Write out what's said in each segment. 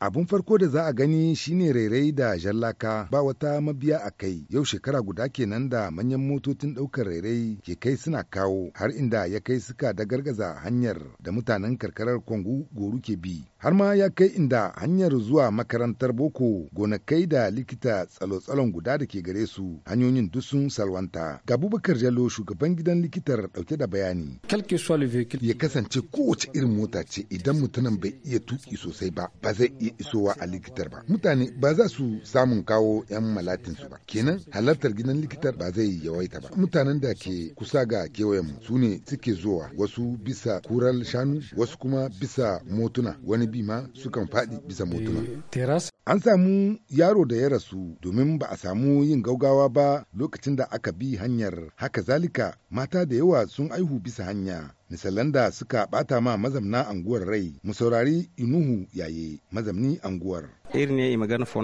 Abun farko da za a gani shine rairai da jallaka ba wata mabiya a kai yau shekara guda kenan da manyan motocin ɗaukar rairai ke kai suna kawo har inda ya kai suka da gargaza hanyar da mutanen karkarar Kwangu goru ke bi. har ma ya kai inda hanyar zuwa makarantar boko gonakai da likita tsalo-tsalon guda da ke gare su hanyoyin duk sun salwanta ga bubakar jallo shugaban gidan likitar dauke da bayani ya kasance kowace irin mota ce idan mutumin bai iya tuki sosai ba ba zai iya isowa a likitar ba mutane ba za su samun kawo yan malatinsu ba kenan halartar gidan likitar ba zai yawaita ba mutanen da ke kusa ga kewayen su ne suke zuwa wasu bisa kural shanu wasu kuma bisa motuna wani bi ma sukan faɗi bisa motuna. Eh, An samu yaro da ya rasu domin ba a samu yin gaugawa ba lokacin da aka bi hanyar haka zalika mata da yawa sun aihu bisa hanya misalan da suka bata ma mazamna anguwar rai mu saurari inuhu yaye mazamni anguwar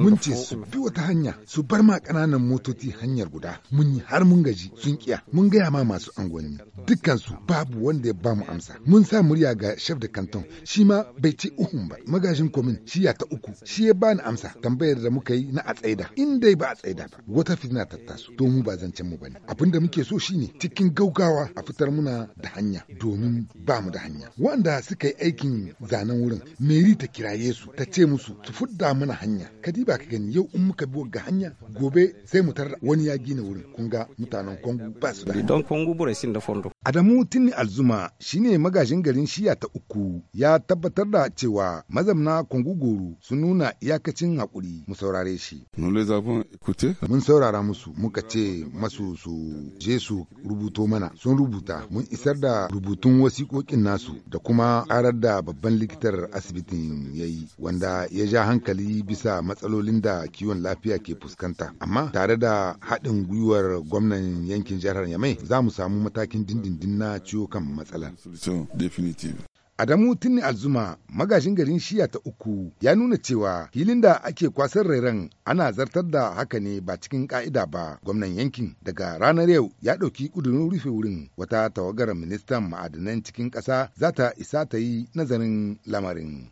mun ce su bi wata hanya su bar ma kananan motoci hanyar guda mun yi har mun gaji sun kiya mun gaya ma masu anguwanni dukkansu babu wanda ya bamu amsa mun sa murya ga shaf da kanton shi ma bai ce uhun ba magajin komin shi ya ta uku shi ya bani amsa tambayar da muka yi na a tsaida in dai ba a tsaida ba wata fitina ta taso to mu ba zancen mu bane abinda muke so shine cikin gaugawa a fitar muna da hanya domin ba mu da hanya wanda suka yi aikin zanen wurin meri ta kiraye su ta ce musu su fudda mana hanya kadi ba ka gani yau in muka bi ga hanya gobe sai mu tarar wani ya gina wurin kun ga mutanen kongo ba su da don kongo sin da fondo adamu tinni alzuma shine magajin garin shiya ta uku ya tabbatar da cewa mazamna kongo goro sun nuna iyakacin hakuri mu saurare shi mun saurara musu muka ce masu su je su rubuto mana sun rubuta mun isar da rubutu rubutun wasiƙoƙin nasu da kuma ƙarar da babban likitar asibitin ya yi wanda ya ja hankali bisa matsalolin da kiwon lafiya ke fuskanta amma tare da haɗin gwiwar gwamnan yankin jihar yamai za mu samu matakin dindindin na ciwo kan matsalar. Adamu Tinni Alzuma magajin garin shiya ta uku ya nuna cewa filin da ake kwasar rairan ana zartar da haka ne ba cikin ka'ida ba gwamnan yankin daga ranar yau ya ɗauki ƙudurin rufe wurin wata tawagar ministan ma'adanan cikin ƙasa za ta isa ta yi nazarin lamarin.